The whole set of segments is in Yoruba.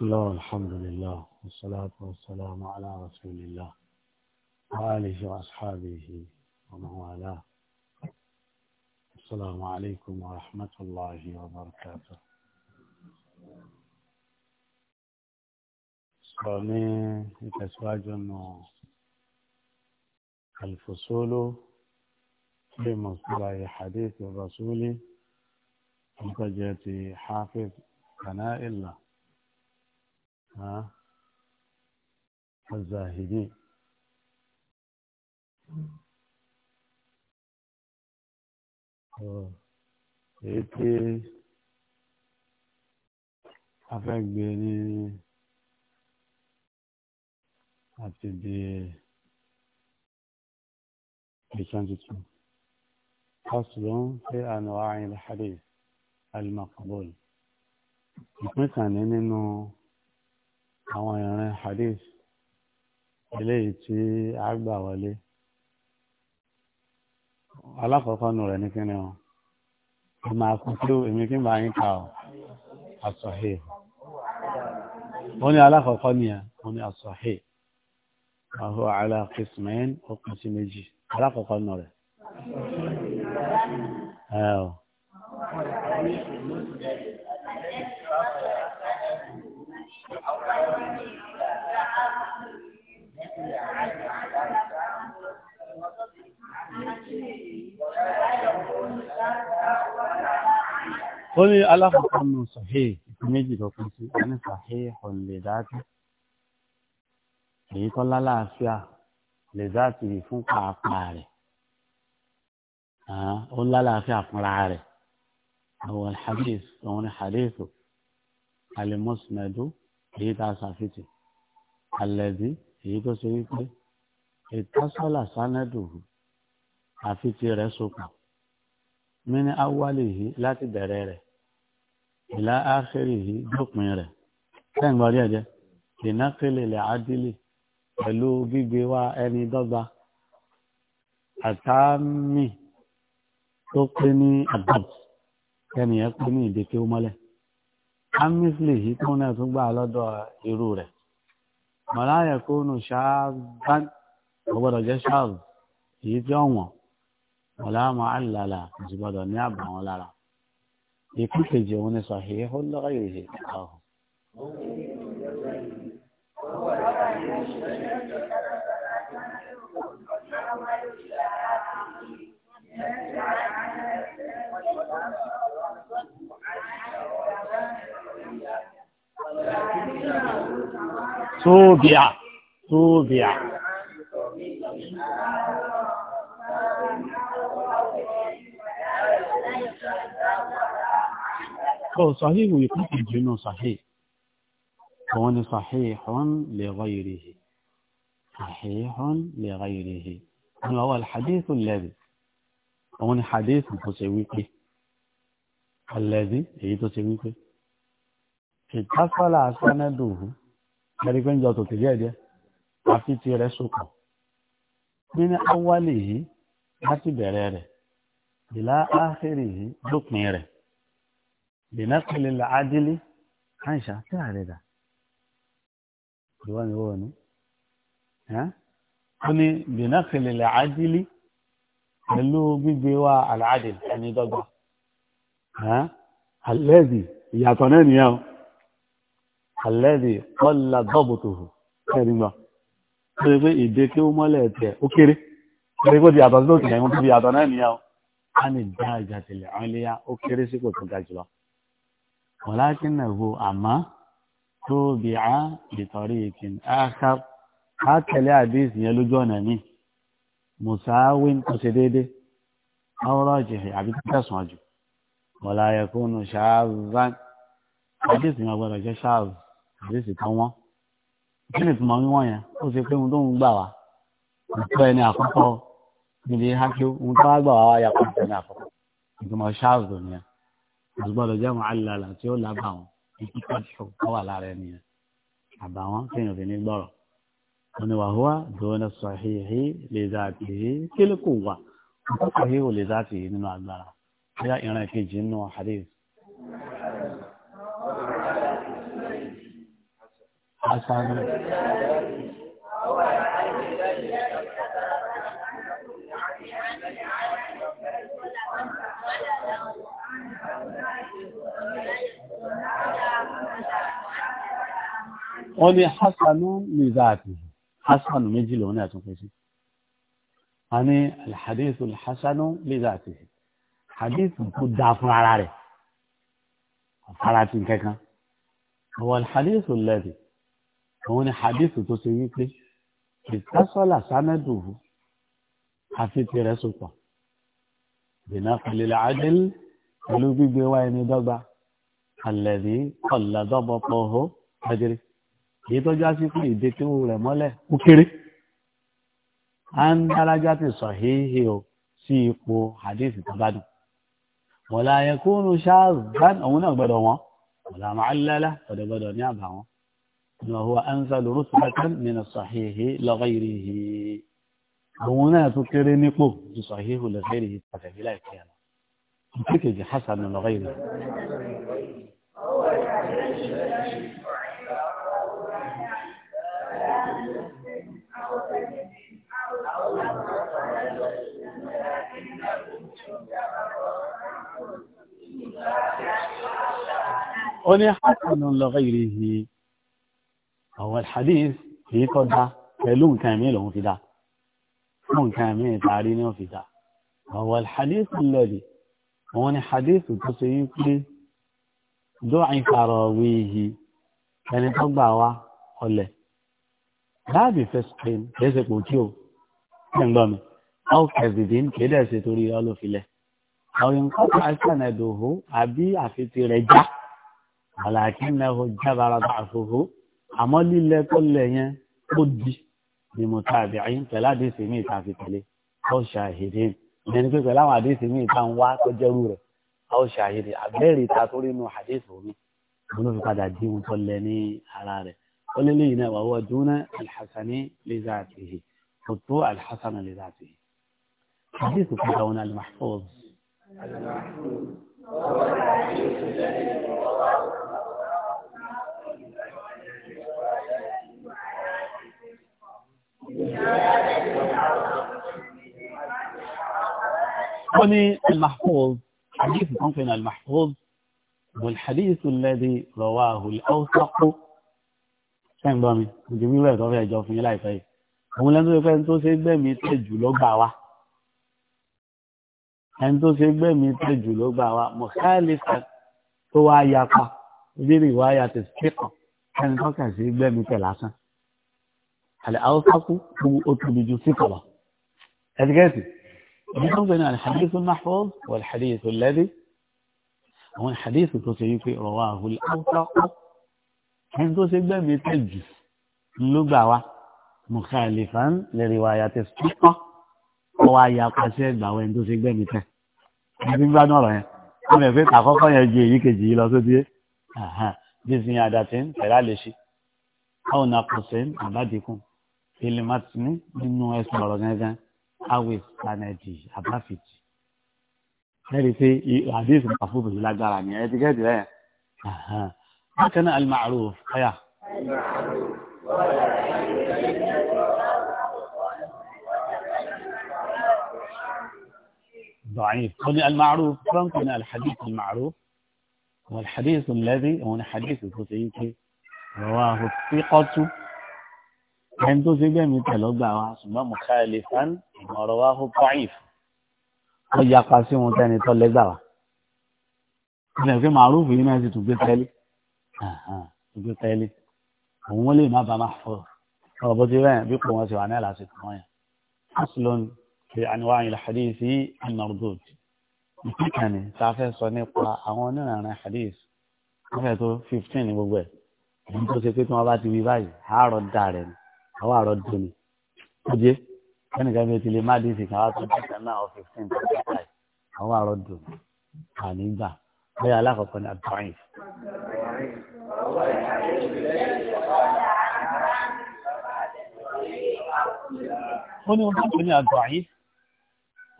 بسم الله والحمد لله والصلاة والسلام على رسول الله وآله وأصحابه ومن والاه السلام عليكم ورحمة الله وبركاته سامي تسواج الفصول في مصطلح حديث الرسول من حافظ ثناء الله الزاهدي oh. èyí tí a fẹ́ gbé ní àti di twenty two أصل في أنواع الحديث المقبول ìpín kan ní nínú àwọn ìrìn hadith eléyìí tí a gbà wọlé alákọ̀ọ́kọ́ nù rẹ̀ ní kíni o ẹ máa kú tí èmi kí n bá yín kà ọ asọ̀hẹ́ ó ní alákọ̀ọ́kọ́ ni ẹ ó ní asọ̀hẹ́ àhó alákìsìmẹ́yìn ó kù sí méjì alákọ̀ọ́kọ́ nù rẹ̀ ẹ ọ. ó ní alákọ̀ọ́kọ́ nù sọ̀hẹ́ méjì lọ́kùn sí ẹni sàhẹ́ ọ̀nlẹ̀ dáàtì èyí tó lálàáfíà lè dáàtì fún pàápàá rẹ̀ ó lálàáfíà fúnra rẹ̀ àwọn alhadis òun ni hadisu alimusnadu èyí tá a ṣàfihàn alẹ́bí èyí tó ṣe wípé ìtọ́sọ́là sánẹ́dù àfitì rẹ̀ sopọ̀ mini awali yìí láti bẹ̀rẹ̀ rẹ̀ ìlà ákéré yìí dópin rẹ̀ sẹ́yìn gbọ́dí ẹ̀jẹ̀ ìnákélé lè ádílé pẹ̀lú gbígbé wa ẹni dọ́gba àtàmì tó pé ní adab ẹni yẹn pé ní ìdèké mọ́lẹ̀ amísìlè yìí tó náà tún gbà lọ́dọ̀ irú rẹ̀ mọ̀láyà kó nù ṣáàbán ọgbọ́dọ̀ jẹ́ ṣáàbù èyí tí ọ̀wọ́n ọ̀làmọ̀ àlàlà ìjìgbọ́dọ̀ ní àbà wọn lára ikú kejì òun ni sọ̀hìn ó lọ́rọ̀ yìí ọ̀hún. Tóbíà, tóbíà. so sahihu ìpín kejì nù sahih òun ni sahihun li ghayrihi sahihun li ghayrihi òun lọ́wọ́ alhadithu lẹ́bi òun ni hadithu tó ṣe wípé alẹ́bi èyí tó ṣe wípé ìtàkọ́lá asánẹ́dùhù ẹ̀rí pé ń jọ tòkè díẹ̀díẹ̀ àfi ti rẹ̀ sopọ̀ nínú awálè yìí láti bẹ̀rẹ̀ rẹ̀ ìlà áhìrì yìí lópin rẹ̀. بنقل العدل عائشة تعالى ده جواني هو ها قني بنقل العدل قالوا بيبيوا العدل يعني ضد ها الذي يعطناني يا الذي قل ضبطه كلمة pẹ̀lẹ́pẹ́ èdè kí ó mọ́lẹ̀ ẹ̀tẹ̀ ó kéré pẹ̀lẹ́pẹ́ ti àtọ̀ sí òkè ẹ̀wọ̀n tó fi àtọ̀ náà nìyà ó á ní dá ìjà tẹ̀lẹ̀ àwọn iléyà ó kéré sí kò tó ga jùlọ ولكنه أما توبع بطريق آخر حتى لا حديث يلجون منه مساو قصديد أو راجح عبد تسمج ولا يكون شاذا حديث ما بلا شاذ حديث كما kíni tó máa ń wọ̀nyà ó ṣe pé ohun tó ń gbà wá ìtọ́ ẹni àkọ́kọ́ níbi hákíó ohun tó wá gbà wá wá yàtọ̀ ẹni àkọ́kọ́ ìtumọ̀ ṣáàzù nìyẹn àtúgbọ́dọ̀ jẹ́ àwọn alàlà tí ó lábà wọn ikú pàṣọ kọ́wà lára ẹni yẹn àbàwọn kéèyàn fi ní gbọ́rọ̀ wọn ni wàhùwà dùnà sọ̀hìhì lè dà tìhì kílí kò wà sọ̀hìhì ò lè dà tìhì nínú agbára bóyá ìran kejì nínú hadith. asanu. wọ́n ní hasanu mizaati hasanu méjì lòun náà tún pè sí a ní alhadithu hasanu mizaati hadithu tó da fún ara rẹ̀ fara ti kankan àwọn alhadithu lẹ́bi òun ni hadithu tó ṣe wípé ìtásọ́là sánẹ́dùhù àfi tẹ̀rẹ̀ sopọ̀ bìnà pẹ̀lẹ́lẹ́ adél pẹ̀lú gbígbé wa ẹni dọ́gba alẹ́bí kọ̀lá dọ́bọ̀ pọ̀ hó ẹjẹrìí èyí tó jásí pé ìdíkéwò rẹ̀ mọ́lẹ̀ ó kéré à ń dárájá ti sọ héhe o sí ipò hadithi tabadu wọ̀lá ayẹkùnrin ṣáàzán òun náà gbọ́dọ̀ wọn wọ̀lá màálálá gbọ́dọ̀ gbọ́dọ̀ ní àbá wọn ni wọ́n wá ń sá lóru sọ́kàn nínú sọ héhe lọ́gọ́ ìrìhì àwọn náà tó kéré nípò ju sọ héhe lọ́gọ́ ìrìhì pàtàkì láìpẹ́ yàrá ìkékèjì hasan lọ́gọ́ ìrìhì ó ní hasanu lọ́gọ́ ìrìhì ọ̀wọ̀ hadith kìí kọ́ da pẹ̀lú nǹkan mi lòun fi da fún nǹkan mi tààrí ni ó fi da ọ̀wọ̀ hadith lọ́dì òun ni hadith tó ṣe yí pé dóòyìn kàrọ̀ wíyì ẹni tó gbà wá ọlẹ̀ láàbì fẹsùn kẹsẹ̀ kò kí o ṣe ń gbọ́ mi ọ̀ kẹsìdín kéde ẹ̀sẹ̀ torí ọlọ́filẹ̀ àwọn nǹkan kan ṣànàdòhó àbí àfitì rẹ̀ já àlàkínlẹ̀hó jábára báàfóhó àmọ́ lílẹ̀ tó lẹ̀ yẹn ó di ni mo ta àbí àyín pẹ̀lú àdéhùn mi ìta fi tẹ̀lé ó ṣàhìdí ìyẹn ni pé pẹ̀lú àwọn àdéhùn mi ìta ń wá tó jẹ́rú rẹ̀ ó ṣàhìdí àbẹ́rẹ́ ìta tó rí inú àdéhùn mi mo ló fi padà di ohun tó lẹ ní ara rẹ̀ ó lé lẹ́yìn náà wàá wọ́n dúná alhassani lezatihi kò tó alhassan lezatihi àdéhùn kan àwọn alimahfoz. wọ́n ní al-mahfuz hadith kan fẹ́ ní al-mahfuz والحديث الذي رواه الأوثق sẹ́yìn gbọ́ mi ìdí wíwẹ̀ tó fẹ́ jọ fún yín láìpẹ́ yìí òun lẹ́nu tó fẹ́ tó ṣe gbẹ̀mí tẹ̀ jù ló gbà wá ẹni tó ṣe gbẹ̀mí tẹ̀ jù ló gbà wá mọ̀sáìlìfà tó wá yapa ibi rí wá yàtọ̀ sí kan ẹni tó kà sí gbẹ̀mí tẹ̀ lásán àlẹ́háúsákú ó tóbi ju sí kọ̀lọ̀ ẹ̀dígẹ́sì ibi tó ń gbé ní alhadisu mahfuz wà alhadisu lẹ́dí àwọn alhadisu tó ṣe wípé rọwà àhùlẹ̀ áwùsákú ẹni tó ṣe gbẹ̀mí tẹ̀ jù ló gbà wá mùkàlìfàn lẹ́rì wà yàtẹ̀ sọ́kọ́ ó wá ya pàṣẹ ẹgbà wọ ẹni tó ṣe gbẹ̀mí tẹ̀ ẹni gbádùn ọ̀rọ̀ yẹn wọn lè fi àkọ́kọ́ yẹn ju èyí kejì yìí lọ sódì yé bí sin àdàtì ń tẹ̀lé àlè ṣe àwọn nàkùsẹ̀ ń àbádìkùn fili matini nínú ẹsùn ọ̀rọ̀ gángan awis sanadi abafiti lẹ́yìn pé hadith mafudu yìí lágbára ni ẹ ti gẹ́gẹ́ rẹ̀ bákan náà al-ma'ruf ọ̀yà. ضعيف قل المعروف ممكن الحديث المعروف والحديث الذي هو حديث رواه الثقة ẹni tó ṣe gbẹ̀mí tẹ̀lọ́gbà wa ṣùgbọ́n mùkáìlì fan ọ̀rọ̀ wa hó pàìf ó yapa sí wọn tẹni tó lẹ́gbà wa ilẹ̀ pé màrúfù yìí náà sì tún gbé tẹ́lẹ̀ tún gbé tẹ́lẹ̀ òun wọ́n lè má ba máa fọ ọ̀rọ̀ bó ti rẹ̀ bí kò wọ́n ṣe wà náà lásìkò wọn yẹn asilon fi àníwá ìlà hadith yìí anardod ìpínkànnì tá a fẹ́ sọ nípa àwọn onírànà hadith wọ́n fẹ́ tó fifteen ní gbogbo ẹ̀ èyí tó ṣe pé tí wọ́n bá ti wí báyìí àárọ̀ dà rẹ̀ ni. àwọn àrọ̀ dùn ni ó jẹ́ ẹnìkan bí o ti lè má dín sí kan wá tó dẹ́ta náà ọ fifteen thirty five àwọn àrọ̀ dùn ànígbà bẹ́ẹ̀ alákọ̀ọ́kọ́ ni àtọ́yìn. ó ní wọ́n tó ní àtọ́yìn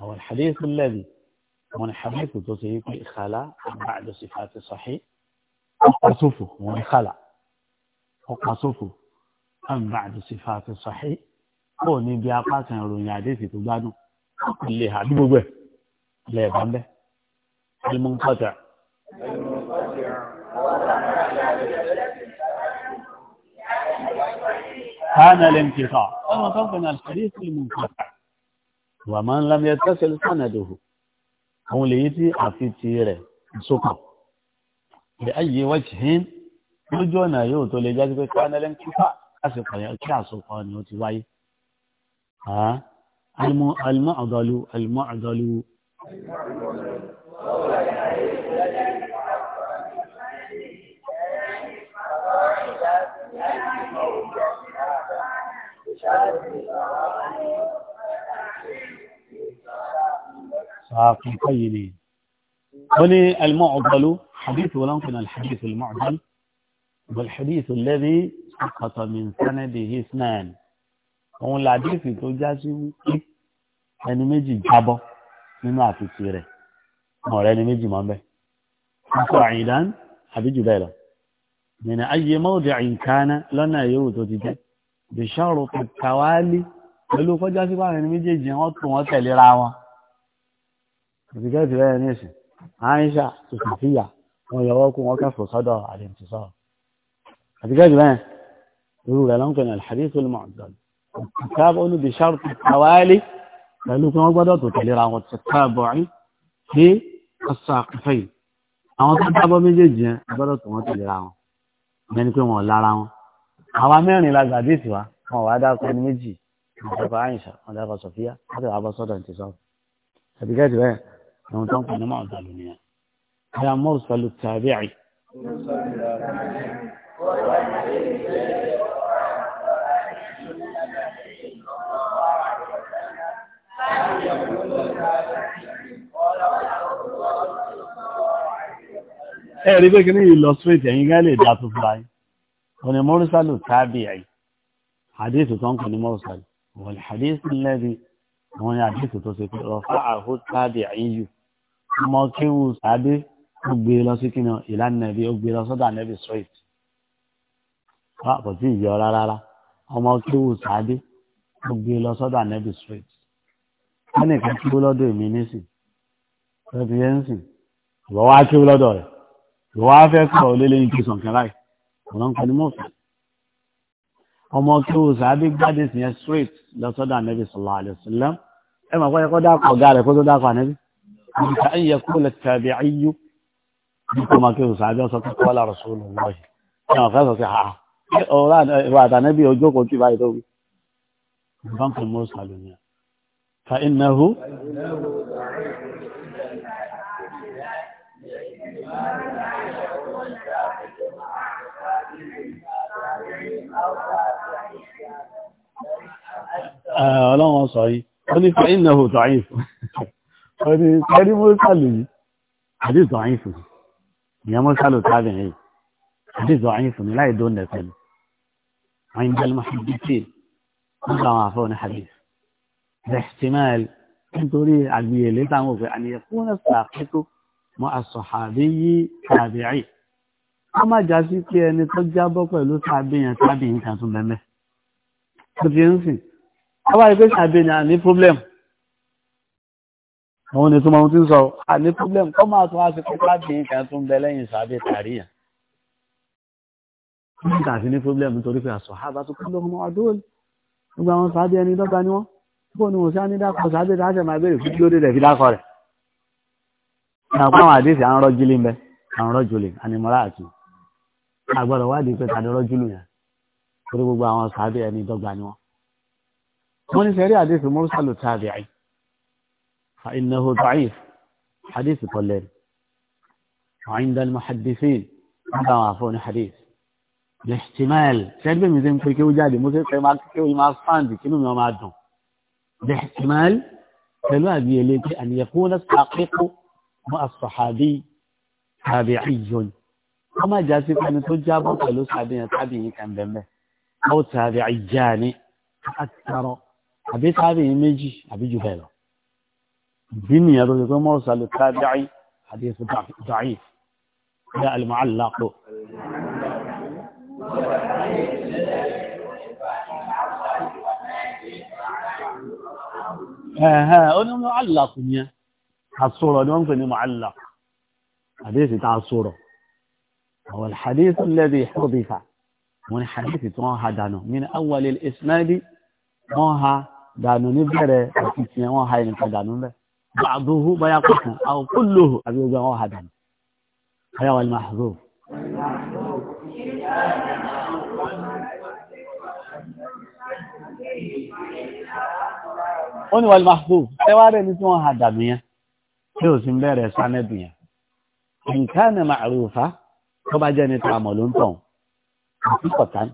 àwọn ìhàdíìsì lẹ́bi wọn ni hadiisi tó ṣe yí pé ìkàlà àbáàdọ̀ sífàtì sahih ọ̀pọ̀ sófò wọn ìkàlà ọ̀pọ̀ sófò. أم بعد صفات صحيح ó ní bí apá kan ìròyìn àdéhìí tó gbádùn ilé àdúgbò gbẹ lẹ́ẹ̀bá ń bẹ́ alimọ́ńkọ́tà. كان الانقطاع أما كان الحديث المنقطع ومن لم يتصل سنده هو ليتي أفيتيره سكر بأي وجه يجونا يوتو لجاز كان الانقطاع àsìkò yẹn kí àsopọ̀ ni ó ti wáyé alimọ ọdọlu alimọ هنا المعضل حديث ولكن الحديث المعضل والحديث الذي akọ̀tọ̀mí sanadi hisnan òun làdíìsì tó já sí wípé ẹni méjì jábọ́ nínú àfitì rẹ̀ ọ̀rẹ́ ẹni méjì mọ́ bẹ́ẹ̀ akọ àyìndán àbí jù bẹ́ẹ̀ lọ nínú ayé mọ́ọ̀dì àyìnkáná lọ́nà yòówù tó ti jẹ́ bìṣọ́rù kàwálí pẹ̀lú kọjá sí pàrọ̀ ẹni méjèèjì wọ́n tún wọ́n tẹ̀léra wọn òṣìṣẹ́ ti bẹ́ẹ̀ ní ìsìn àyíṣà tòṣìṣìyà wọn yọwọ́ kó wọn kẹfọ́ sọ́dọ̀ àdìmtì sọ́ọ̀ òṣìṣẹ́ ti bẹ́ẹ̀ irú rẹ̀ lọ́nkọ̀ ní alhadith olùmọ̀ọ́dọ́n ìtàbọ̀ ní bishar tawali pẹ̀lú pé wọ́n gbọ́dọ̀ tó tẹ̀léra wọn ti tàbọ̀ rí sí ọ̀sàkùfẹ́ yìí àwọn tó tàbọ̀ méjèèjì yẹn gbọ́dọ̀ tó wọ́n tẹ̀léra wọn ìyẹn ni pé wọ́n lára wọn àwa mẹ́rin la gbàdí ìsìwá wọn wà á dákọ ní méjì wọn dákọ àyìnṣà wọn dákọ sọfíà wọn dákọ abọ́sọ́dọ̀ ti sọ ẹ̀dígẹ́tì bẹ́ẹ̀ ohun tó ń pè ní mọ̀ọ́dọ́n nìyẹn ẹ̀rí pé kí ní illustrate ẹ̀yin gá lè dá tó fúra yìí wọn ni mọ́rísàlù tàbí àyí hadith tó ń kọ ní mọ́rísàlù wọ́n ni hadith lẹ́bi wọ́n ni hadith tó ṣe pé rọ̀fà àhó tàbí àyí yù mọ́ kí wù tàbí ó gbé lọ sí kí ní ìlànà ẹ̀bí ó gbé lọ sọ́dọ̀ ànẹ́bí straight a ah, kò tí ì yọ rárá ọmọ kíwù sáadé ó gbé lọ sọ́dọ̀ ànẹ́bì street wọ́n nìkan kíwù lọ́dọ̀ èmi nísìn tẹ́tí yẹn ń sìn ìwọ wá kíwù lọ́dọ̀ rẹ̀ ìwọ wá fẹ́ sọ̀rọ̀ lé lẹ́yìn kí sọ̀kẹ́ láì ọ̀nà ń kọ́ni mọ́fẹ́ ọmọ kíwù sáadé gbádé sì yẹn street lọ sọ́dọ̀ ànẹ́bì sallallahu alaihi wasallam ẹ mà kọ́ni kọ́ dákọ̀ ọ̀gá rẹ̀ kó tó dákọ̀ ànẹ́bì àyíká ẹ̀yẹ kó lè tàbí ayú bí kò má kíwù sáadé ọ ọ̀rọ̀ ìwà àtànẹ́bí ọjọ́ kan tí báyìí tó wí báńkì mọ́ sàlùmíà fa innahu ọlọ́wọ́n sọ yìí ó ní fa innahu da'if ó ní pẹ́rí mọ́ sàlùmí àdìsọ̀ àyífù ìyẹn mọ́ sàlù tábìnrin àdìsọ̀ àyífù ní láì dóńdẹ̀ pẹ̀lú عند المحدثين نقرأ عفون حديث باحتمال انتوري عالمية اللي تعمل في أن يكون الساقط مع الصحابي تابعي وما جاسي كي أن تجابه قلو تابعين تابعين كانتم بمه تبينسي أبا يقول تابعين يعني problem àwọn ènìyàn tó máa ń tí ń sọ à ní problem kọ́ máa tún á sí pé tàbí nǹkan tó ń bẹ lẹ́yìn nígbà sí ní problem nítorí pé àṣọ àbá tó kúlọ́ ọmọ adóòl gbogbo àwọn sàábé ẹni dọ́gba ni wọ́n bó ni wọ́n sá ní dákọ̀ sàábé tá a ṣẹ̀ máa béèrè fún kí ó dé rẹ̀ fi dákọ̀ rẹ̀ ìyàpá àwọn àdéhìí à ń rọ́jú lé ń bẹ à ń rọ́jú lé ànimọ́ra àti àgbọ̀dọ̀ wádìí pé tàdé rọ́jú lù yẹn torí gbogbo àwọn sàábé ẹni dọ́gba ni wọ́n. wọ́n ní sẹ́rí àdéhìí mọ́rúsàlù باحتمال سبب مزيم كل كيو جادي مزيم كي ماك كيو ما أصلاً دي كنوم يوم عادم باحتمال كل واحد أن يكون الساقط مع الصحابي تابعي كما جاسي كان تجابه كلو صحابي تابعي كان دمه أو تابعي جاني أكثر أبي تابعي ميجي أبي جهله بني يقول لكم موصل التابعي حديث ضعيف لا المعلق ها ها ها معلق ها الصوره ها معلق حديث ها الصوره هو الحديث الذي حذف من حديث ها دانو من اول الاسناد ها دانو نبره في ها هاي دانو بعضه ما يقف او كله ابي ها دانو هذا المحذوف ó ní wàlúmà tó ẹwà rẹ̀ ní tí wọ́n ha dànù yẹn tí ò sí bẹ̀rẹ̀ sánẹ́dù yẹn nǹkan ní màrúfà tó bá jẹ́ níta àmọ̀ ló ń tàn àti kọ̀tán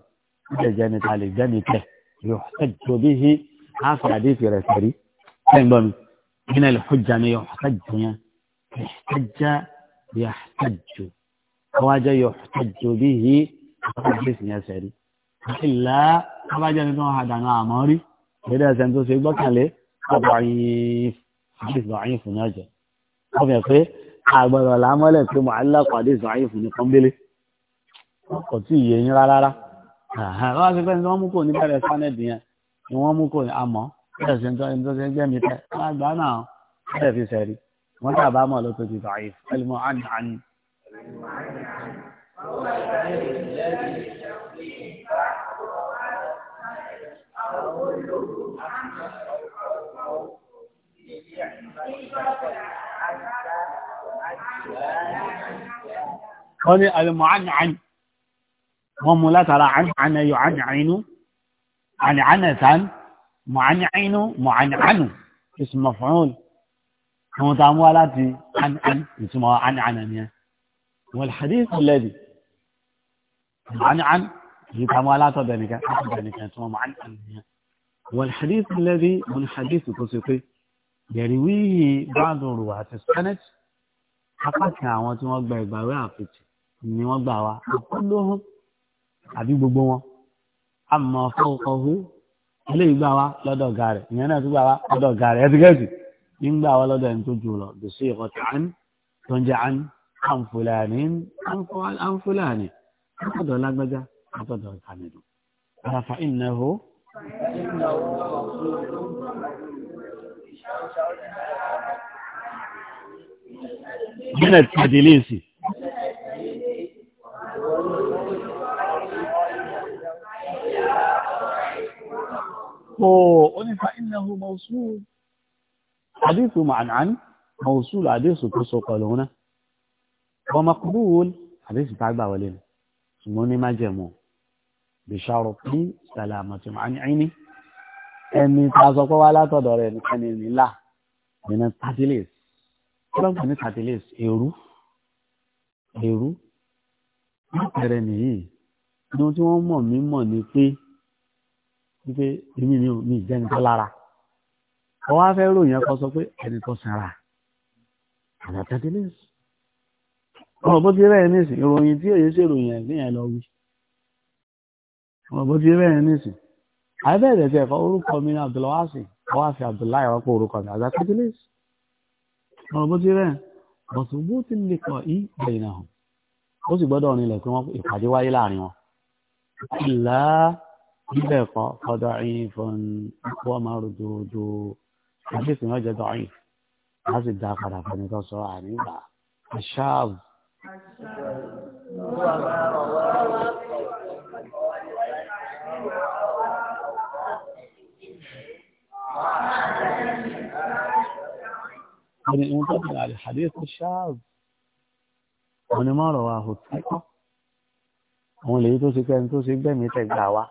ó lè jẹ́ níta lè jẹ́ níta yóò ṣẹ́jọ bí i á fi àdéhìí rẹ̀ sẹ́rí sẹ́ńgbọ́n mi nínú ilẹ̀ fújà ni yóò ṣẹ́jọ rí ìdí ẹ̀sẹ̀ tó ṣe gbọ́kànlé ضعيف حديث ضعيف ناجح طب يا اخي àgbọ̀dọ̀ làmọ́lẹ̀ pé mọ̀álá pàdé ìsàáyìfù ní kọ́mbélé ọkọ̀ tí ìyẹ yín rárá rárá sí pé ní wọ́n mú kò ní bẹ̀rẹ̀ sánẹ́dì yẹn ni wọ́n mú kò ní àmọ́ bẹ́ẹ̀ sí ní tó ṣe ń jẹ́ mi tẹ́ lágbàá náà bẹ́ẹ̀ fi sẹ́rí wọ́n tàbá mọ̀ ló tó ti ìsàáyìfù ẹlẹ́mọ̀ àní àní. Thank you. قولي المعنعن هم لا ترى عن عن يعنعن عن عن معنعن معنعن اسم مفعول هم تعموا لا عن عن اسمه عن عن يعني والحديث الذي عن عن يتعموا لا تدنيك تدنيك اسمه عن عن والحديث الذي من حديث قصيقي yẹ̀rìwíyì báńdùn rùwà àti senate apákan àwọn tí wọ́n gba ìgbàwé àpètì ni wọ́n gbà wá àkọlóhùn àbí gbogbo wọn àmọ́ fọ́kọ̀ọ́hù eléyìí gbà wá lọ́dọ̀ ọ̀gá rẹ̀ ìyẹn náà tún gbà wá lọ́dọ̀ ọ̀gá rẹ̀ ẹ̀dígẹ́sì ní gbà wá lọ́dọ̀ ẹni tó jù lọ dùsí ìkọ̀tà án tó ń jẹ́ án àǹfùlàní àǹfùlàní àtọ̀dọ̀ lágbájá àtọ̀dọ̀ kàmìlú. àràfà ìnáwó من التدليس قل فإنه موصول حديث عن عن موصول حديث قصو قالونا ومقبول حديث تعبى ولينا سموني ما جمو بشرط سلامة عن عيني ẹni tààsọpọ̀ wá látọ̀dọ̀ rẹ̀ nìkan ni nílà nínú tatilis kí ló ń pè ní tatilis èrú èrú látẹ̀rẹ̀ nìyí ohun tí wọ́n mọ̀ mí mọ̀ ni pé wípé èmi ni ò ní ìjẹni tó lára ọwọ́ á fẹ́ ròyìn ẹ̀kọ́ sọ pé ẹni tó sanra àná tatilis ọ̀rọ̀ bó ti rẹ̀ nísìn ìròyìn tí èyí ṣèròyìn ẹ̀ níyẹn lọ wí ọ̀rọ̀ bó ti rẹ̀ nísìn àbẹ̀rẹ̀ tẹ̀ fọ orúkọ mi ní abdulwasi wáṣẹ abdullahi rọpò orúkọ mi àgbà kájílẹ̀sì ọ̀rọ̀ bó ti rẹ̀ bọ̀tún bó ti lè kàn í bẹ̀yìn náà ó sì gbọ́dọ̀ nílẹ̀ pé wọ́n ìpàdé wáyé láàrin wọn. ìlà bíbẹ̀ kan fọdọ̀ ẹyin fún wọn máa rò dòdò àti ìsìn náà jẹ́dọ̀ ẹyin wọ́n sì dá padà fún ẹni tó sọ ànígbà aṣáàbù. Thank يعني انطبق على الحديث الشاذ wọ́n ní máa rọ̀ wá òtún kọ́ àwọn lèyí tó ṣe kẹ́ni tó ṣe gbẹ̀mí tẹ̀gbà wa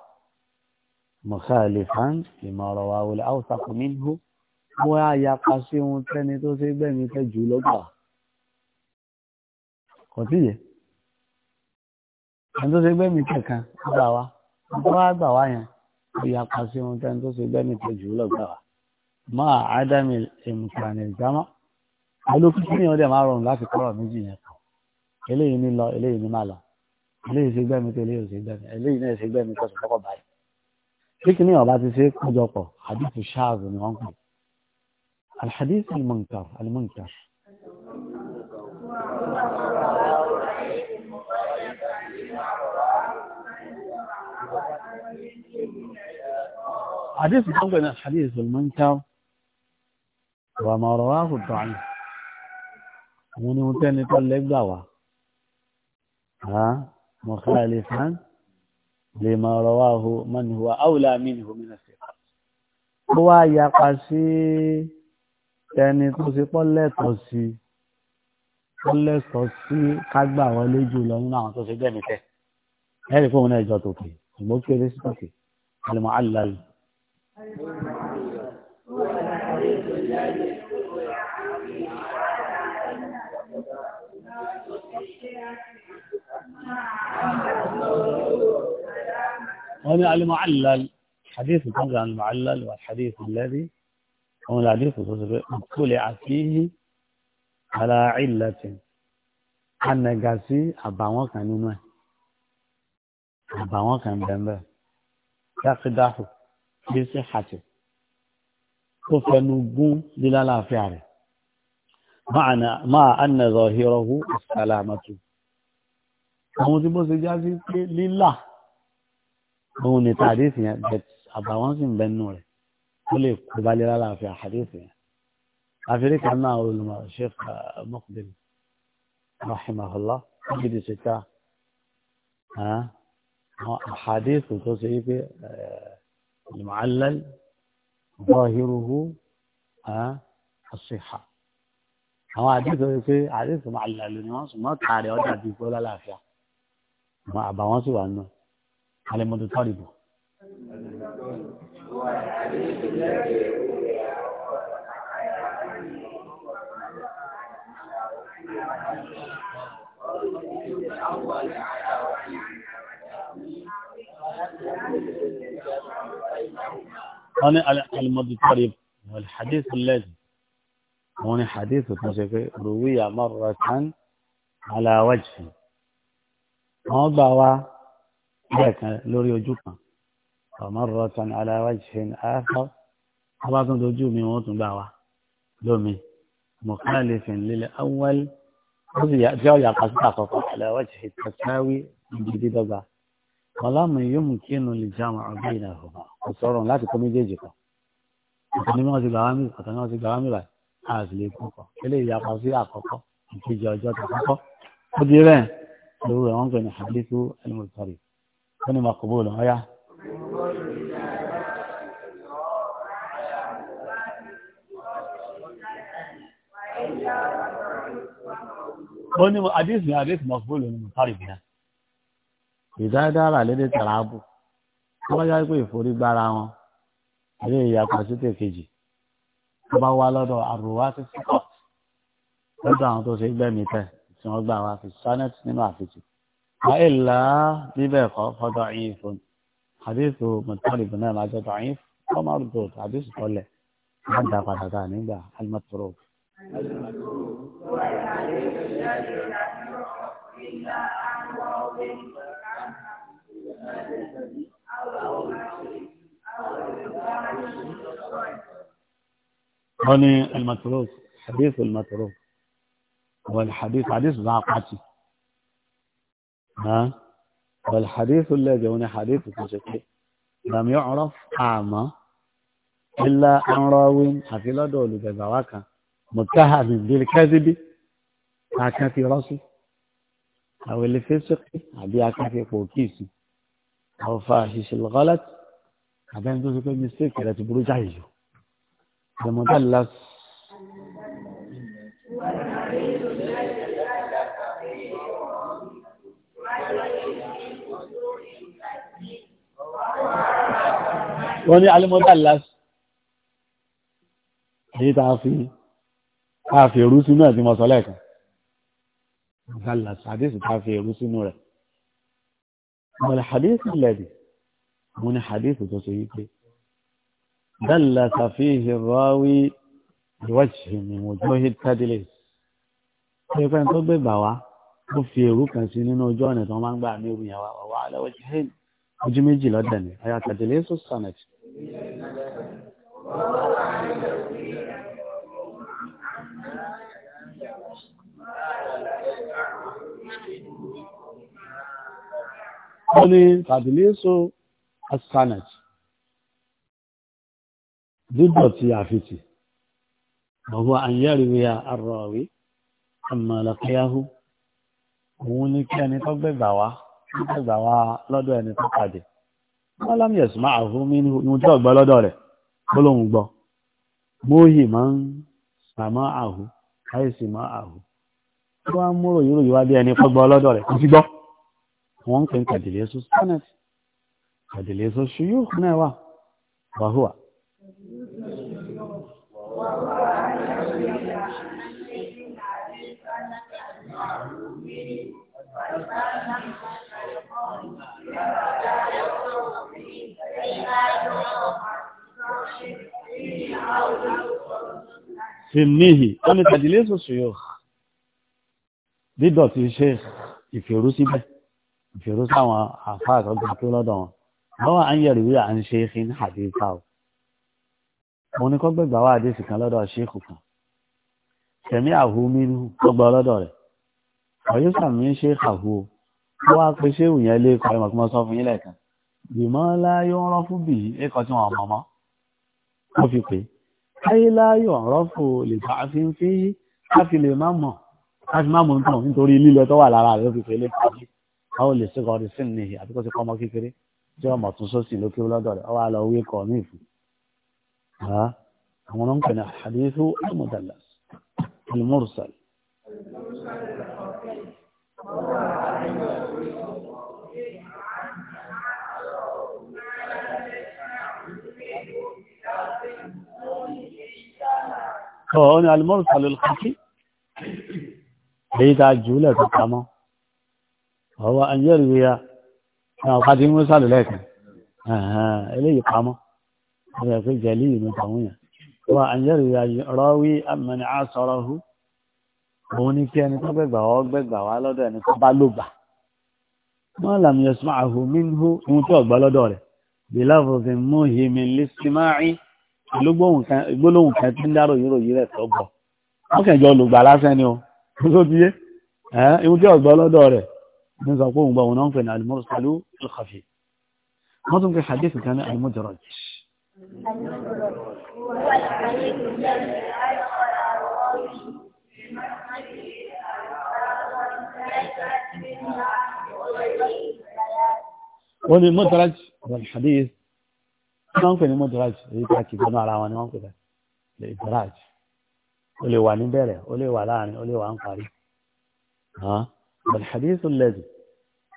mọ̀kàlìfán ìmọ̀rọ̀ wa wọlé àwòsàkù nínú wọ́n á yapa sí ohun tẹ́ni tó ṣe gbẹ̀mí tẹ̀ jù lọ́gbà kò sí yẹ ẹni tó ṣe gbẹ̀mí tẹ̀ kan gbà wá wọ́n á gbà wá yẹn ó yapa sí ohun tẹ́ni tó ṣe bẹ́ẹ̀ nìkan jù ú lọ́gbà wa máa ádámì ìmùkànnì ìdámọ́ olókùnkùn ní ọdẹ máa rọrùn láti kọ́rọ̀ méjì yẹn kan eléyìí ní lọ eléyìí ní má lọ eléyìí ṣe gbẹ́mi tó eléyìí ṣe gbẹ́mi eléyìí náà ṣe gbẹ́mi tó ṣe kọ́kọ́ báyìí bí kìíní ọba ti ṣe kọjọpọ̀ hadith ṣáàzù ni wọ́n pè alhadith almunkar almunkar حديث قلنا حديث المنكر وما رواه الضعيف من متن يطلق دعوة ها مخالفا لما رواه من هو أولى منه من الثقات هو يقاسي ẹni tó ṣe pọ́ lẹ́tọ̀ọ́ sí pọ́ lẹ́tọ̀ọ́ sí kágbà wọlé jù lọ nínú àwọn tó ṣe jẹ́ nìtẹ́ ẹ̀rí fóun náà ìjọ tòkè ṣùgbọ́n kéré sí tòkè alimọ̀ alali هنا المعلل حديث الحمد عن المعلل والحديث الذي هو الحديث طلع فيه على علة أن قاسي أبوه كان ينوي أبوه كان يا يقدحه gbèsè hàtì tó fẹnu gún lílálàáfíà rẹ̀ máa anà zọ̀hírọ̀hú ìsàlámàtù àwọn tí bó ṣe já sí pé lílà òun ni tàdísì yẹn bẹ̀t àbàwọn sì ń bẹnu rẹ̀ ó lè kó bá lílálàáfíà àdísì yẹn afirika náà olùmọ̀ sheikh uh, mokbin rahimahullah gidi ṣe ká ah, àwọn àdísì tó ṣe yí pé ẹ̀ẹ́ eh, المعلل ظاهره الصحة àwọn àdìsọ yìí pé àdìsọ máa lálẹ́ ni wọ́n sùn mọ́ tààrẹ ọjà àti ìgbó lálàáfíà àwọn àbàwọ́n sì wà nù alẹ́mọdé tọ́rìbù. Thank you wọ́n ní alimọ̀dútọ́rì alhadith lẹ́dí wọ́n ní hadith tó ṣe pé ruwi amarra kan alawajì wọ́n gbà wá lẹ́ẹ̀kan lórí ojú kan amarra kan alawajì áfọ́ wọ́n bá tún dojú mi wọ́n tún gbà wá lómi mọ̀kálẹ́fìn lílẹ̀ awọ́l ó sì yà kásítà kọ̀ọ̀kan alawajì tẹ̀sáwí ìdí dídọ́gba kọlámù yóò mú kí inú lè jáwọn ọgbẹ́ ìdàgbà kò sọ̀rọ̀ láti kó méjèèjì kan ìkànnì wọn ti gbàwá mi ọ̀tọ̀ wọn ti gbàwá mi báyìí a sì lè kú kọ ilé ìyapa sí àkọ́kọ́ ìkejì ọjọ́ tó kọ́kọ́ ó di rẹ̀ lórí rẹ̀ wọ́n pè ní hadithu al-mutari ó ní màkúbó lọ́wọ́ yá. ó ní hadithu ni hadithu màkúbó lọ́wọ́ ní mutari bìíní ìdádára lédè tàràbù wọn bá yá pé ìforígbára wọn ilé ìyapa síte kejì wọn bá wá lọ́dọ̀ àrùwá ti síkọ lọ́dọ̀ àwọn tó ṣe gbẹmí tẹ tí wọn gbà wá fi sánẹtì nínú àfijì láì là á níbẹ̀ kọ́ fọ́dọ̀ yín fún àdéhùn mọ̀tàlì bùnà lájọ́ tó yín ọmọ àdéhùn tọ́lẹ̀ máa ń padà dáa nígbà alimọ̀tòrò. Thank you. هنا المتروك حديث المتروك هو الحديث حديث زعقاتي ها والحديث الذي هنا حديث تشكي لم يعرف أعمى إلا أن راوين حفلة دولة جزواك متهم بالكذب لكن في راسه àwọn ẹlẹfẹsọkì àbí akáfẹpọ kíìsì àwọn fa àṣìṣe lọkọlát àbẹni tó ti pé mistake rẹ ti burú jáì jù àdèmọtà las. wọ́n ní alimọ́tà las èyí tá a fi a fi rú sínú ẹ̀sìn mọ́sọ́lẹ̀ kan. غلس حديث تعرف يروسين ولا ما الحديث الذي من حديث تسيبه دلت فيه الراوي بوجه من وجوه التدليس يبقى انتو ببوا وفي يروكا سنين وجوانا طمان بقى ميوبين وعلى وجهين وجمي جلدني هيا تدليس السنة ó ní tàbílẹ́sọ asanet dídọ̀tí àfitì ọ̀hún àyẹ̀rìwé àrọ̀wé àmàlàkẹ́yàhù òun ní kí ẹni tó gbẹ̀gbà wá gbẹ̀gbà wá lọ́dọ̀ ẹni tó pàdé wọ́n lámì ẹ̀sùn máa hù mí ní ohun tí ọ̀gbọ́ lọ́dọ̀ rẹ̀ ó lóun gbọ́ móhì máa ń sàmọ́ àhù káyèsí máa àhù tó wá ń múròyìn ròyìn wá bí ẹni tó gbọ́ lọ́dọ̀ rẹ̀ kò sí gbọ́ wọ́n ń pè ní kàdìlẹ́sù sonnet kàdìlẹ́sù ṣuyú náà wà wàhùwà. Fìmíhì, wọ́n ni tàdílé sòsò yóò dídọ̀ ti ṣe ìfèrú síbẹ̀ ìṣòro sáwọn àfáà tó gbà tó lọ́dọ̀ wọn lọ́wọ́ à ń yẹ̀rì wíwà à ń ṣe é fi ń hàdí ká o mo ní kó gbẹ̀gbà wá àdéṣì kan lọ́dọ̀ ṣéèkù kan tẹ̀mí àhú mínú tó gbọ́ lọ́dọ̀ rẹ̀ ọ̀yọ́ sàmì ń ṣe àhú o ó wá pe ṣéèwù yẹn lé ikọ̀ ẹ̀mọ̀ kí wọ́n sọ fún yín lẹ́ẹ̀kan bìmọ́ láyọ̀ ń rọ́ fún bì ikọ̀ tí wọ́n mọ̀mọ́ ó fi pè ayé láyọ̀ ń rọ́ fún lè bá fi ń fi ká fi lè má mọ̀ ká fi má mọ̀ nítorí lílọ tó wà lára rẹ̀ ó fi pè lé pàdé àwọn olè ṣe kọrin sí ni àti kó ti kọ́ ọmọ kékeré tí ọmọ tún sósì lókè lọ́dọ̀ rẹ̀ ọwọ́ àlọ́ wí kọ́ ní ìfún. àwọn ọ̀nkẹ́ ni àdéhù almudallas almursal. هون المرسل الخفي بعيد على الجولة تمام ọwọ́ ayélujára ya àwọn ọ̀pá tí musa lò lẹ́ẹ̀kan eléyìí pamọ́ ọ̀rẹ́ pé jẹ̀lí ìlú tàwọn yẹn ọwọ́ ayélujára rọ́wí amẹ́ni àsọ̀rọ̀ hu òun ní kí ẹni tó gbẹ̀gbà wọ́ gbẹ̀gbà wá lọ́dọ̀ ẹni tó bá ló gbà wọ́n làm yẹ sùn àhù mínú ohun tó ọ̀gbà lọ́dọ̀ rẹ̀ bíláfòsì mú hìmì lísìmáì ìgbólóhùn kan tí ń dárò yìí lọ́dọ̀ rẹ̀ من قوم بونام في المرسل الخفي ما ظن في حديث كان المدرج والمدرج والحديث نعم في المدرج يتأكد أنه على وانه نعم كده الإدراج ولي وانين بيري ولي وانين ولي وانين قاري ها الحديث الذي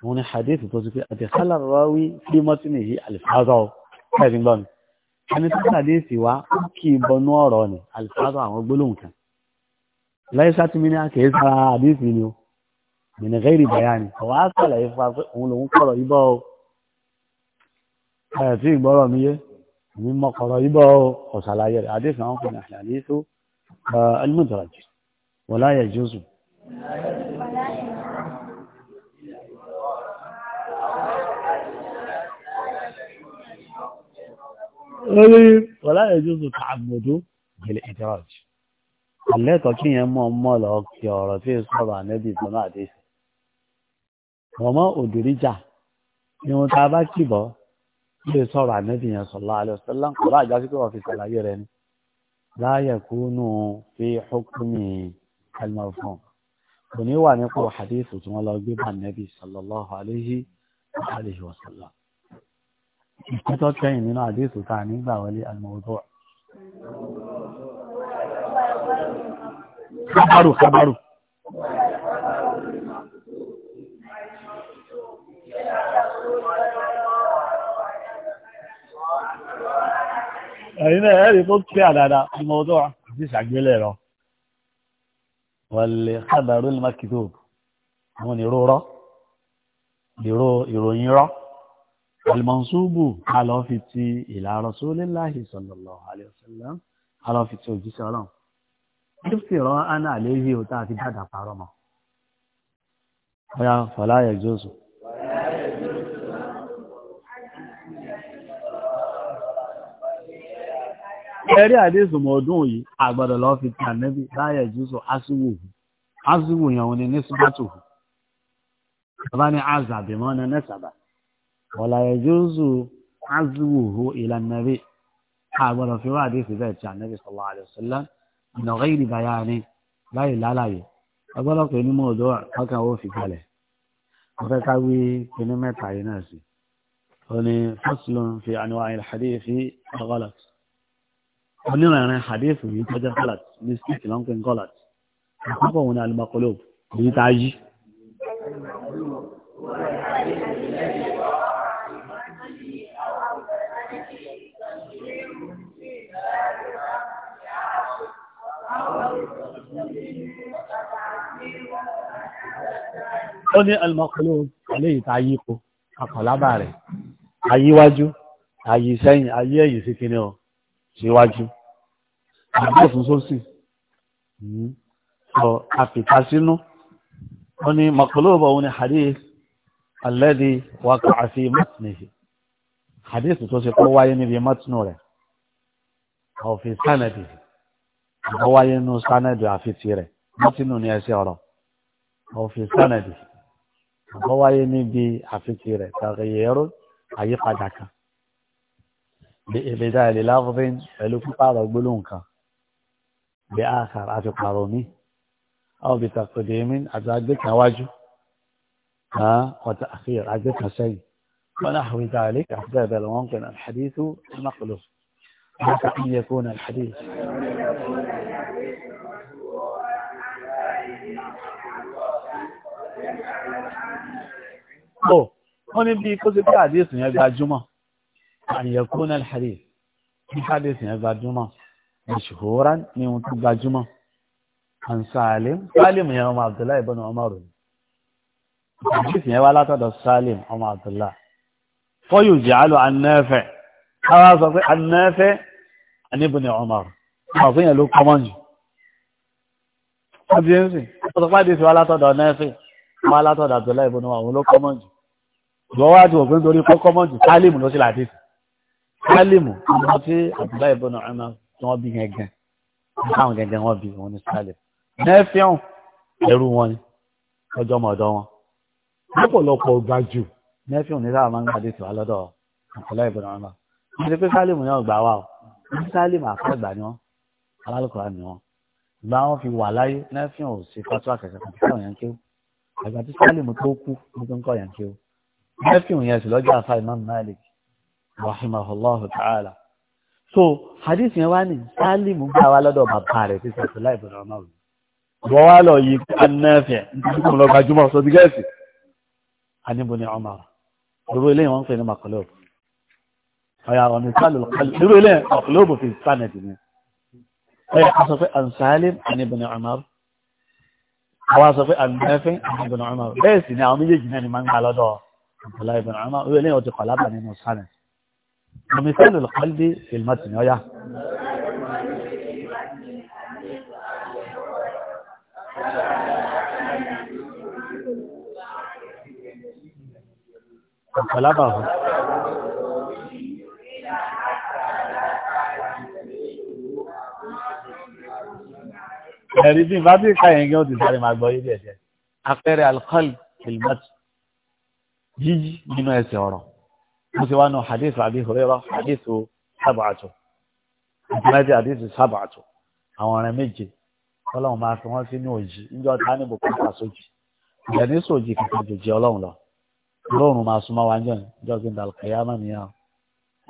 هنا حديث توصف أدخل الراوي في متنه الفاظه هذه بان أنا تحديثي وكي بنوراني الفاظه وبلون كان لا يسات من على حديث منه من غير بيان هو أصلا يفاض ولو قرأ يباو هذه برا مية مما قرأ يباو وصلاة حديث عن الحديث المدرج ولا يجوز orí wọ́lá ẹ̀jọ́sù tààbùdó gẹ̀lẹ̀ ìdírájì àlẹ́tọ̀ kí yẹn mọ́ mọ́ lọ kí ọ̀rọ̀ tí ó sọ̀rọ̀ ànẹ́bì tó náà dé sí rọmọ òdìríjà ni wọn ta bá kìbọ tí ó sọ̀rọ̀ ànẹ́bì yẹn sọ̀lá alẹ́sọ̀lá kò bá àjá sí rẹ ni láyẹ̀ kúnú fi hókùnmí almọ̀fọ́n kò ní wà nípò hadith tí wọ́n lọ gbé bá ànẹ́bì sallallahu كتبت كاين منو حديث وتعني با ولي الموضوع خبروا خبروا هنا هذه قلت فعلا الموضوع حديث عقبالي واللي خبروا المكتوب هون يرورا يرو يرو يرو alimansubu alọ́fi ti ìlà rasulillahi sallallahu alayhi wa sallam alọ́fi ti òjíṣẹ́ ọlọ́run fífi rọ ana àléhìí òtá àti dáadáa parọ́ mọ́ ọ̀yà fọlá yẹ jósù. ẹ̀rí àdéhùn ọdún yìí àgbàdo lọ́ọ́ fi ti ànẹ́bí láyé jùsọ ásíwò ásíwò yẹn òun ni ní síbátò bàbá ní azàbìmọ́ ní nẹ́sàbà wọ̀láyé jóòzù azuwuhu ìlànàbí àgbọ̀dọ̀ fi wá àdéhùn bẹ́ẹ̀ tí ànábì sọ̀rọ̀ àdìsọ́lá ìnàwó ìdìbàyà ni láì lálàyé ọgbọ́dọ̀ pé ní mọ̀ọ́dọ́ ọkàn ó fi kalẹ̀ ọfẹ́ ká wí pinnu mẹ́ta yìí náà sí ó ní faslun fi àníwá al-hadith ghalat onírànrin hadith yìí tọ́jà ghalat ní sikh lọ́nkìn ghalat àkọ́kọ́ òun ni al èyí tá a yí. ó ní alimọ́kọ́lù eléyìí tá a yí po akọ̀lábà rẹ̀ ayíwájú ayí sẹ́yìn ayé ẹ̀yìn sí kíní ọ síwájú àbúrò fún sósì ọ hmm. àfìkà sínú ó ní mọ̀kọ́lù bọ̀ òun ni hadith alẹ́dí wakọ̀ àfi mọ́tìnìhì hadith tó ṣe kó wáyé níbi mọ́tìnù rẹ̀ ọ̀fìn sánẹ̀dì àbọ̀wáyé nù sánẹ̀dì àfi tirẹ̀ mọ́tìnù ni ẹsẹ̀ ọ̀rọ̀ ọ̀fìn sánẹ̀dì. àbọ̀ wáyé níbi àfikì rẹ̀ tàgéyẹ̀rọ àyípadà kan bí ìbẹ̀dá ilẹ̀ láfọ́fín pẹ̀lú pípààrọ̀ gbólóhùn kan bí àkàr àti pààrọ̀ mi àwọn bí tàkùdémí àti agbẹ́kan wájú ọ̀tà àfihàn agbẹ́kan sẹ́yìn wọn náà hàwí dáàlẹ́ àti bẹ́ẹ̀ bẹ́ẹ̀ lọ́wọ́n pẹ̀lú alḥadíṣu naqlu haka ń yẹ kó na alḥadíṣu. ọ̀ wọ́n ní bí kó sí pé àdéhùn yẹn gbajúmọ̀ àyẹ̀kú náà hadith bí hadith yẹn gbajúmọ̀ mashhura ní ohun tó gbajúmọ̀ an salim salim yẹn ọmọ abdullahi ibn umar ni hadith yẹn wá látọ̀dọ̀ salim ọmọ abdullahi fọ́yù jàálù an-nafi' káwá sọ pé an-nafi' an ibn umar fún yẹn ló kọ́mọ́ jù wọ́n ti ń sìn ọ̀sọ̀pá àdéhùn wá látọ̀dọ̀ an máa látọ̀dà tó láì bọ́nà àwọn ló kọ́mọ̀ jù lọ́wọ́dù òfin torí kọ́ kọ́mọ̀ jù kálímù ló sì láti kálímù ọmọ tí àbúlá ìbọ́nà ọmọ tí wọ́n bí gẹ́gẹ́ káwọn gẹ́gẹ́ wọ́n bí wọn ní sálẹ̀ nẹ́fíọ̀n ẹrú wọn ni ọjọ́ mọ̀ọ́dọ́ wọn lọ́pọ̀lọpọ̀ gbà jù nẹ́fíọ̀n ní sáà máa ń gbàdé tìwá lọ́dọ̀ àbúlá ìbọ́nà ọmọ wọ́n ti pé kálímù náà gbà wá o ní kálímù àfẹ́gbà ni wọ́n alálùkọ̀ọ́ ni wọ́n gbà wọ́n fi wà láyé nẹ́fíọ̀n ò sí fásitì àgbà tí sálìmù tó kú ní tó ń kọ́ yàn kí o mẹ́fìmù yẹn sì lọ́jọ́ àfa imam malik rahimahullah ta'ala so hadith yẹn wá ní sálìmù gbà wá lọ́dọ̀ bàbá rẹ̀ tí sọ̀tún láì bọ̀rọ̀ náà wọ́n wá lọ yí anáfẹ́ nítorí kò lọ gbajúmọ̀ sọ ti gẹ̀ẹ́sì aníbo ni ọmọ dúró ilé wọn ń pè ní makalop ọ̀yà ọ̀nà sálìmù dúró ilé makalop fi sanadi ni ọ̀yà a àwọn sọ pé àgbẹ̀fẹ́ ibn Umar bẹ́ẹ̀ sì ni àwọn méjèèjì náà ni máa ń gbà lọ́dọ̀ ọ̀pọ̀lá ibn Umar wíwẹ̀ lẹ́yìn ọtí kọ̀lábà nínú sánẹ̀ ọmọkẹ́lù lọ́kọ́lẹ́dẹ́ ìlmọ̀tìní ọ̀yá. ọ̀pọ̀lábà ọ̀hún. ẹ̀rí tí bá bí káyẹn gẹ́ òtún sáré máa gbọ́ yé díẹ̀ díẹ̀ afẹ́rẹ́ alkọ́lì kìlìmọ́tì yíyí nínú ẹsẹ̀ ọ̀rọ̀ mo ti wá nu hadith àbí hurera hadith sábàtò àtúnájẹ hadith sábàtò àwọn ọ̀rẹ́ méje ọlọ́run máa fi wọ́n sínú òjì níjọ́ ta ní bùkátà sójì ìjẹ́ ní sójì kankan jòjì ọlọ́run lọ lóòrùn máa súnmọ́ wa jẹ́ ìjọ́ gbẹ̀ndàlùkẹ́yàmọ́ nìyà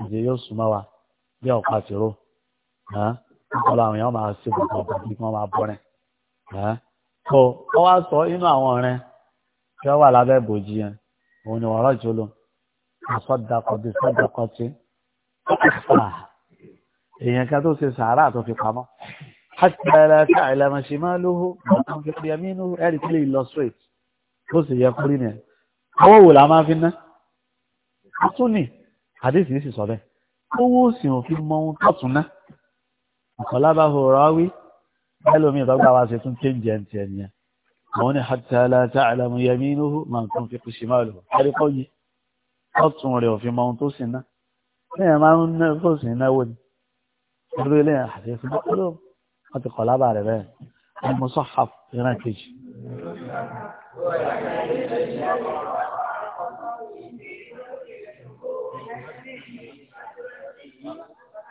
ìjẹ́ yóò súnmọ́ wa bí ọ̀pá tìró ọ̀pọ̀lọpọ̀ àwọn èèyàn máa ṣe gbogbo ọ̀pọ̀ kí wọ́n máa bọ́ rẹ̀ tó wọ́n wá sọ inú àwọn rẹ̀ tí wọ́n wà lábẹ́ bòjì yẹn òun ni wọ́n rọ́jò lò àsọdàkọ̀ bí sọdàkọ̀ tí èèyàn kan tó ṣe sàárà tó fi pamọ́ hasbẹ̀rẹ̀ ká ìlànàṣì máa lóhó àwọn fi pè mí inú ẹ̀rí kí lè lọ sì yẹ kúrí nìyẹn owó wò la máa fi ná a tún ní àdéhùn sì sọ bẹ́ẹ̀ owó sì ò fi mọ ohun tó tún náà ọ̀kọ̀lábà hùrọ̀wí ẹlòmíì tọ́gbà wá sí tún kéńjẹ ń tiẹ̀ nìyẹn àwọn ní hàtàlá tá àlàmù yẹmí inú máa tún fi kùsì máa lò ẹrí kọ́ yìí ọ̀tún rẹ̀ òfin mọ ohun tó sì ná lẹ́yìn máa ń ná kó sì náwó ni orí lẹ́yìn àti ìfún bọ́ọ̀lù wọ́n ti kọ̀lábà rẹ̀ bẹ́ẹ̀ ni mo sọ hàf ìran kejì.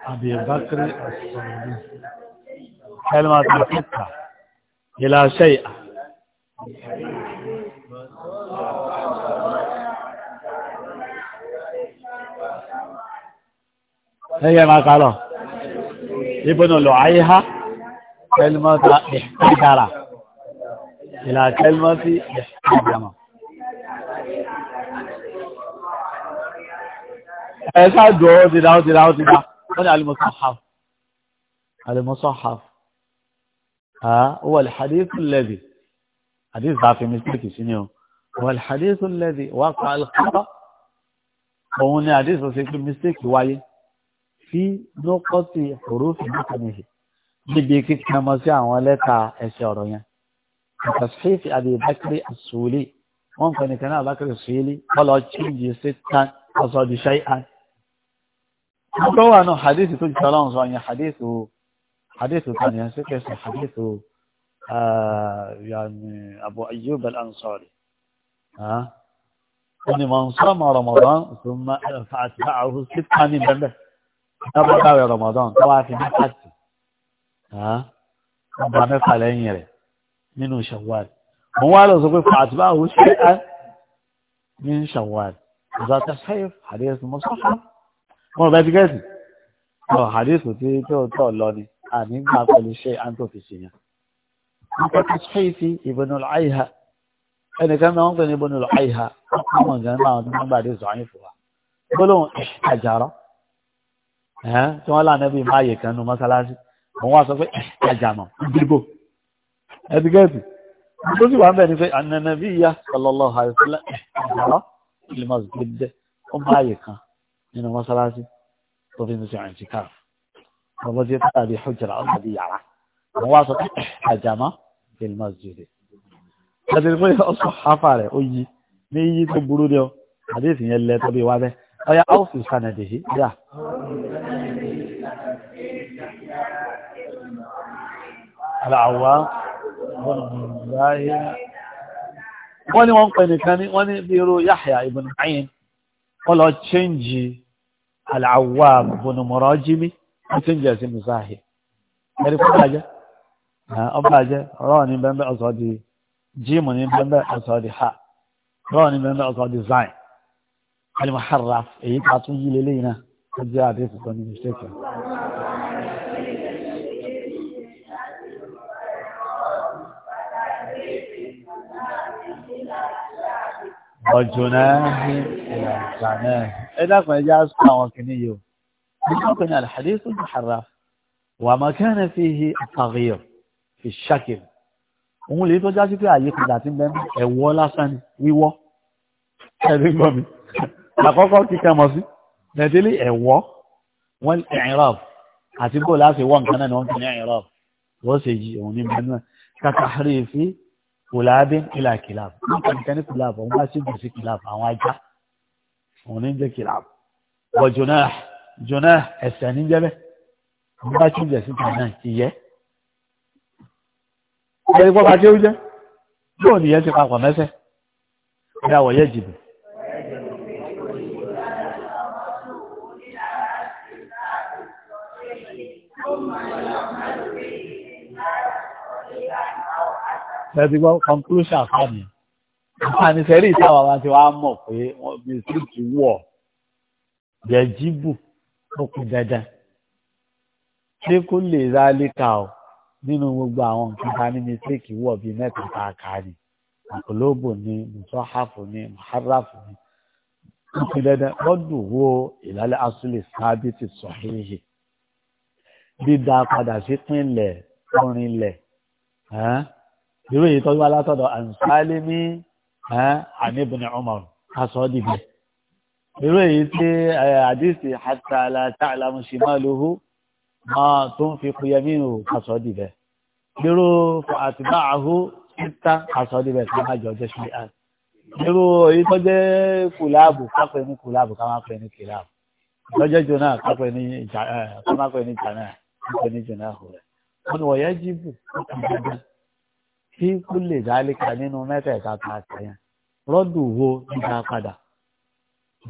أبي بكر السعودي كلمة إلى شيء هي ما قالوا ابن لعيها كلمة احتجر إلى كلمة احتجم ẹ̀ẹ́sà jọ ọ́ ti dá ọ́ ọ́ wọ́n ní al-musahhaf al-musahhaf huwa al-hadith alladhi hadith bá fi mistake sí ni o huwa al-hadith alladhi waqa'a al-khata òun ni hadith ó ṣe pé mistake wáyé fi nuqati hurufi mọ́kànnìyàn níbi kíkan mọ́ sí àwọn lẹ́tà ẹsẹ̀ ọ̀rọ̀ yẹn تصحيف أبي بكر السولي ممكن كان أبو بكر السولي ولا تشينج ستة قصد شيئا tó wà náà hadith tó jùlọ láwọn sọ àyàn hadith hadith kan yẹn sí kẹsàn hadith ah, yàmì Abu Ayyub al-Ansari ah, ó ní man sama Ramadan thumma fa'atba'ahu síta ní bẹ́ẹ̀ dábàdáwẹ̀ Ramadan tó wá fi mẹ́fà sí ọba mẹ́fà lẹ́yìn rẹ̀ nínú Shawwal mo wá wọn ò bá ti gẹ̀ẹ́sì ọ àdéhùn tí tó tọ̀ lọ ni ànígbà pẹ̀lú ṣe àǹtòfìsì yẹn nípa ti ṣéèfì Ibn al-Aiha ẹnìkan náà wọ́n pè ní Ibn al-Aiha ọmọ ìgbà náà tó ń gbà dé zọ́ọ̀yìn fún wa gbólóhùn àjàrọ́ tí wọ́n lànà bí máa yè kan nu mọ́sálásí òun wá sọ pé àjàmọ̀ ìdìbò ẹbí gẹ̀ẹ́sì tó sì wà ń bẹ̀ ni pé ànànàbí ìyá sallallahu alaihi wasallam àjàrọ́ ìlú mọ́sálásí nínú mọ́sálásí tó fi ń sọ àǹtí káf ọmọ tí ó tàbí hujra ọmọ bí yàrá wọn wá sọ pé àjàmá ìlú masjid láti rí pé ọsọ hafa rẹ ó yí ní yí tó burú ni ọ àdéhùn yẹn lẹ tó bí wá bẹ ọyá áwùsù bí irú Yahya ibn Ayin wọ́n lọ chẹ́ǹjì Al-Awwab ibn Murajimi wọ́n chẹ́ǹjì ẹ̀sìn musahi ẹ̀rí fún bàjẹ́ ọba bàjẹ́ rọ́ọ̀ ní bẹ́ẹ̀ ọ̀sọ́ di jíìmù ní bẹ́ẹ̀ ọ̀sọ́ di ha rọ́ọ̀ ní bẹ́ẹ̀ ọ̀sọ́ di zain al-muharraf èyí ká tún yí lélẹ́yìn náà ó jẹ́ àdéhùn tó ní mistake. ọ̀jọ̀nà ahìn ìlànà ẹ dákun ẹ jẹ́ àṣọ àwọn kìíní yìí o nígbà kan ní al-hadith al-muharraf wa ma kana fihi at-taghyir fi ash-shakl òun lè tó jásí pé àyípadà ti ń bẹ ẹ̀wọ́ lásán ni wíwọ́ ẹ̀rí gbọ́ mi àkọ́kọ́ kíkẹ́ mọ̀ sí nẹ̀dílé ẹ̀wọ́ wọn i'rab àti bó láti wọ́n nǹkan náà ni wọ́n fi ní i'rab wọ́n ṣe yí òun ní mẹ́nu kàtàkì fi kùlàbín ìlà kìlàb nǹkan nìkan ní kìlàb òun bá ṣe gbèsè kìlàb àwọn ajá òun ní jẹ́ kìlà wọ jọ̀nà jọ̀nà ẹ̀sẹ̀ ní jẹ́bẹ́ bá tí ń jẹ síta náà ìyẹ́ ẹni pọ́ bá tí ó jẹ́ yóò nìyẹn ti papọ̀ mẹ́sẹ̀ ìdáwọ̀ yẹ́ jìbì Ẹ̀dìgbọ́ conclusion àfáàmì àníṣẹ́rí ìtawà wa ti wá mọ̀ pé wọ́n mi sì ti wọ̀ jẹ́jíbù ó kú dandan ṣé kó lè ra líka o nínú gbogbo àwọn nǹkan ta ní mistake wọ̀ bíi mẹ́ta tá a kà ní àkọlóbò ní mùsọ́hàfù ní muharrafu ní ó kú dandan lọ́dún wo ìlàlẹ́ asúlẹ̀ sábẹ́tì sọ̀híhì dídá padà sí pínlẹ̀ orinlẹ̀ irú èyí tọ́jú alátọ̀dọ̀ àǹsálẹ́mí. عن ابن عمر حصادي روايتي حديثي حتى لا تعلم شماله ما تنفق يمينه حصادي به يرو فأتبعه ستة حصادي به كما جوجة شيئا يرو يتوجه كلاب كما كلاب كما كويني كلاب جوجة جنا كما كويني جنا كما كويني جنا كما كويني جنا هو ويجب fi kúlè dálíkà nínú mẹ́tẹ̀ẹ̀ta tá a kà yẹn rọ́dù wo nígbà padà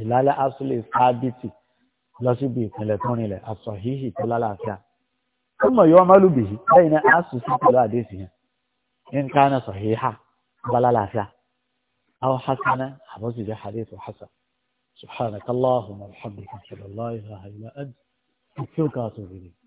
ìlàlẹ́ asúlẹ̀ sábìtì lọ síbi ìpínlẹ̀ tó rinlẹ̀ aṣọ híhì tó lálàáfíà tó mọ̀ yọ ọmọlúbì yìí lẹ́yìn náà aṣù sí pẹ̀lú àdéhùn yẹn nǹkan náà sọ híhà bá lálàáfíà àwọn hasana àbọ̀síbi hadith hasan subhanakallahumma wa bihamdika sallallahu alaihi wa sallam.